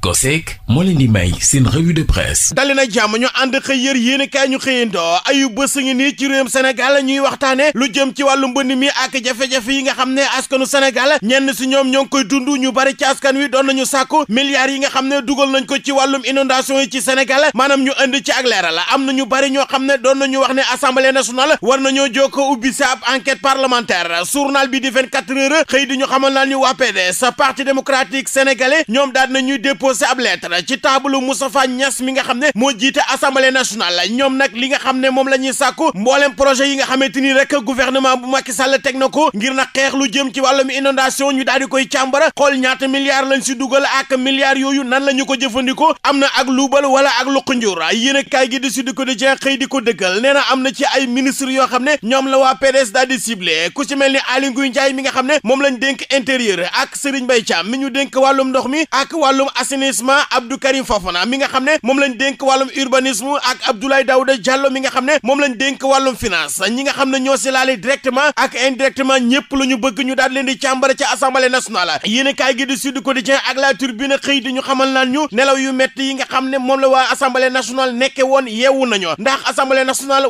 COSEC moo leen di may seen revue de presse dali na jàmm ñu ànd xëy yër yéen kaay ñu xëyandoo ayu bés ngi nii ci réewum Sénégal ñuy waxtaane lu jëm ci wàllu mbënd mi ak jafe-jafe yi nga xam ne askanu Sénégal ñenn si ñoom ñoo ngi koy dund ñu bari ci askan wi doon nañu sàkku milliards yi nga xam ne dugal nañ ko ci wàllum inondation yi ci Sénégal maanaam ñu indi ci ak leeral am na ñu bari ñoo xam ne doon nañu wax ne assemblée nationale war nañoo jokko ubbi si ab enquête parlementaire journal bi di 24 heures xëy di ñu xamal naa ñu waa PDS parti démocratique sénégalais ñoom daal nañuy déposé déposé ab lettre ci taabalu Moustapha Niass mi nga xam ne nag li nga xam ne moom la ñuy sàkku mboolem projet yi nga xamante ni rek gouvernement bu Macky Sall teg na ko ngir na xeex lu jëm ci wàllum inondation ñu daal di koy càmbara xool ñaata milliards lañ si dugal ak milliards yooyu nan la ñu ko jëfandikoo am na ak luubal wala ak luq njur yéen a kaay gi di Sud Quotidien xëy di ko dëggal nee na am na ci ay ministre yoo xam ne ñoom la waa PDS daal di ciblé ku ci mel ni Aly Ngouille mi nga xam ne moom lañ dénk intérieur ak Serigne Mbaye Thiam mi ñu dénk wàllum ndox mi urbanisme Abdou Karim Fofana mi xam ne moom lañ dénk wàllum mi nga xam ne moom lañ dénk wàllum finance ñi nga xam ne ñoo si laale directement ak indirectement ñëpp la ñu bëgg ñu daal leen di càmbara ci assemblée nationale yéen kaay gi di Sud Quotidien ak La Tribune xëy di ñu xamal naan ñu nelaw yu métti yi nga xam ne moom la waa assemblée nationale nekke woon yeewu nañu ndax assemblée nationale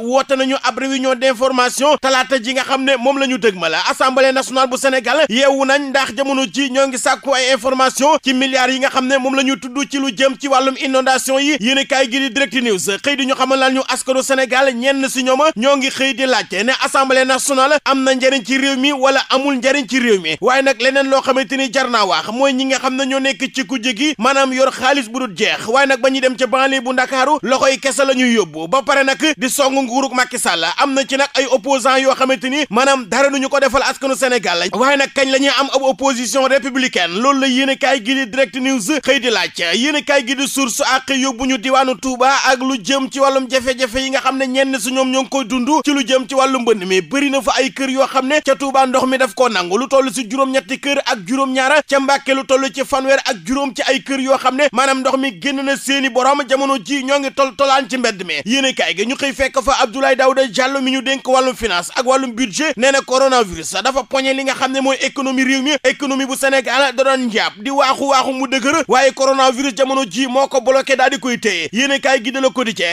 ji nga xam ne moom la ñu dëgmal assemblée nationale bu Sénégal yeewu nañ ndax jamono ji ñoo ngi sàkku ay information ci milliards yi nga xam ne moom la ñu tudd ci lu jëm ci wàllum inondation yi yéen kaay gi di direct news xëy di ñu xamal laal ñu askanu Sénégal ñenn si ñoom ñoo ngi xëy di laajte ne assemblée nationale am na njariñ ci réew mi wala amul njëriñ ci réew mi waaye nag leneen loo xamante ni jar naa wax mooy ñi nga xam ne ñoo nekk ci ku gi maanaam yor xaalis bu dul jeex waaye nag ba ñuy dem ca banle bu Ndakaaru loxoy kese la ñuy yóbbu ba pare nag di song nguurug Macky Sall am na ci nag ay opposant yoo xamante ni maanaam duñu ko defal askanu Sénégal waaye nag kañ la ñuy am ab opposition loolu la yéen kaay gi di direct news xëy ñu laaj yéenekaay gi di source ak yóbbu ñu diwaanu Touba ak lu jëm ci wàllum jafe-jafe yi nga xam ne ñenn su ñoom ñoo ngi koy dund ci lu jëm ci wàllu mbënd mi bëri na fa ay kër yoo xam ne ca Touba ndox mi daf koo nangu lu toll si juróom-ñetti kër ak juróom-ñaara ca Mbàkke lu toll ci fanweer ak juróom ci ay kër yoo xam ne maanaam ndox mi génn na seeni borom jamono ji ñoo ngi tol tolaan ci mbedd mi yéenekaay gi ñu xëy fekk fa Abdoulaye Daouda Diallo mi ñu dénk wàllum finance ak wàllum budget nee na coronavirus dafa poñe li nga xam ne mooy économie réew mi bu Sénégal da doon njaab mu dëgër waaye coronavirus jamono ji moo ko bloqué daal di koy téye yéen i kaay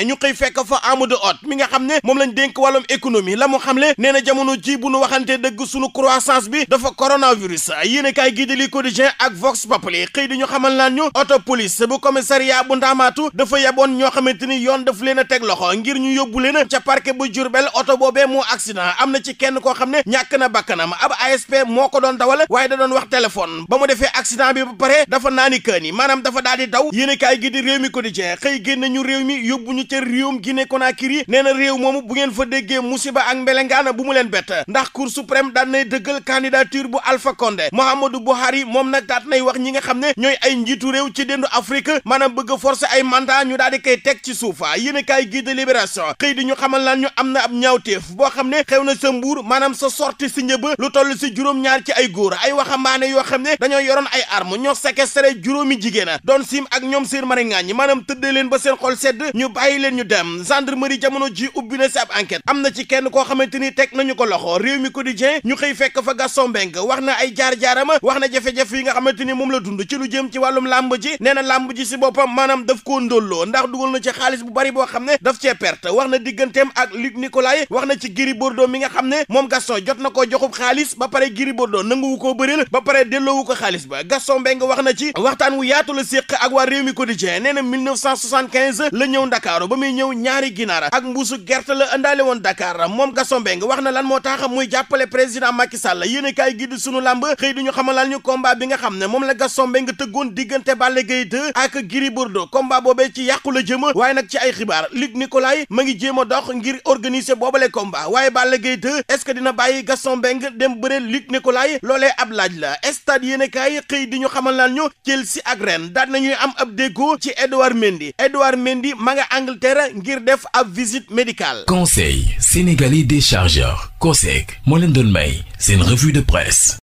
ñu xëy fekk fa Amadou Hott mi nga xam ne moom lañ dénk wàllum économie la xam xamle nee na jamono ji bu nu waxante dëgg suñu croissance bi dafa coronavirus yéen i kaay gi de li quotidien ak Vox Populi xëy di ñu xaman naan ñu oto police bu commissariat bu ndaamaatu dafa yeboon ñoo xamante ni yoon daf leen a teg loxo ngir ñu yóbbu leen ca par parquet bu Jurbel oto boobee moo accident am na ci kenn koo xam ne ñàkk na bakkanam ab ASP moo ko doon dawal waaye da wax téléphone ba mu defee accident bi ba pare dafa naa maanaam dafa daal di daw yéen kaay gi di réew mi quotidien xëy génn ñu réew mi yóbbu ñu ca réewum Guinée Conakry nee na réew moomu bu ngeen fa déggee musiba ak mbelengaana bu mu leen bett ndax cour suprême daan nay dëggal candidature bu Alpha Condé Mohamadou Buhari moom nag daat nay wax ñi nga xam ne ñooy ay njiitu réew ci déndu Afrique maanaam bëgg a ay mandat ñu daal di koy teg ci suufa yéen kaay gi de libération xëy di ñu xamal laan ñu am na ab ñaawteef boo xam ne xew na sa mbuur maanaam sa sorti si njëba lu toll si juróom-ñaar ci ay góor ay waxambaane yoo xam ne dañoo yoroon ay arme ñoo séquestré juróomi jigéen na doon siim ak ñoom seen mari ngaañ maanaam tëddee leen ba seen xol sedd ñu bàyyi leen ñu dem gendarmerie jamono ji ubbi na si ab enquête am na ci kenn koo xamante ni teg nañu ko loxo réew mi quotidien ñu xëy fekk fa Gaston Mbengue wax na ay jaar-jaarama wax na jafe-jafe yi nga xamante ni moom la dund ci lu jëm ci wàllum làmb ji nee na làmb ji si boppam maanaam daf koo ndólloo ndax dugal na ci xaalis bu bari boo xam ne daf cee perte wax na digganteem ak Luc Nicolaï wax na ci Gris Bordeaux mi nga xam ne moom Gaston jot na koo xaalis ba pare Gris Bordeaux nanguwu koo bëril ba pare delloowu ko xaalis ba Gaston Mbengue wax na la séq ak waa réew mi quotidien nee na 1975 la ñëw ndakaaru ba muy ñëw ñaari ginaar ak mbuusu gerte la ëndaale woon Dakar moom Gaston Mbengue wax na lan moo tax muy jàppale président Macky Sall yéen kaay gi sunu làmb xëy duñu xamalal ñu combat bi nga xam ne moom la Gaston Mbengue tëggoon diggante Balla Gaye 2 ak Gris Bordeaux combat boobee ci yàqu la jëm waaye nag ci ay xibaar Luc Nicolaï ma ngi jéem a dox ngir organiser boobale combat waaye Balla ren daal nañuy am ab déggoo ci Edouard Mendy Edouard Mendy ma nga Angleterre ngir def ab visite médicale. Conseil sénégalais des chargeurs COSEC moo leen doon may seen revue de presse.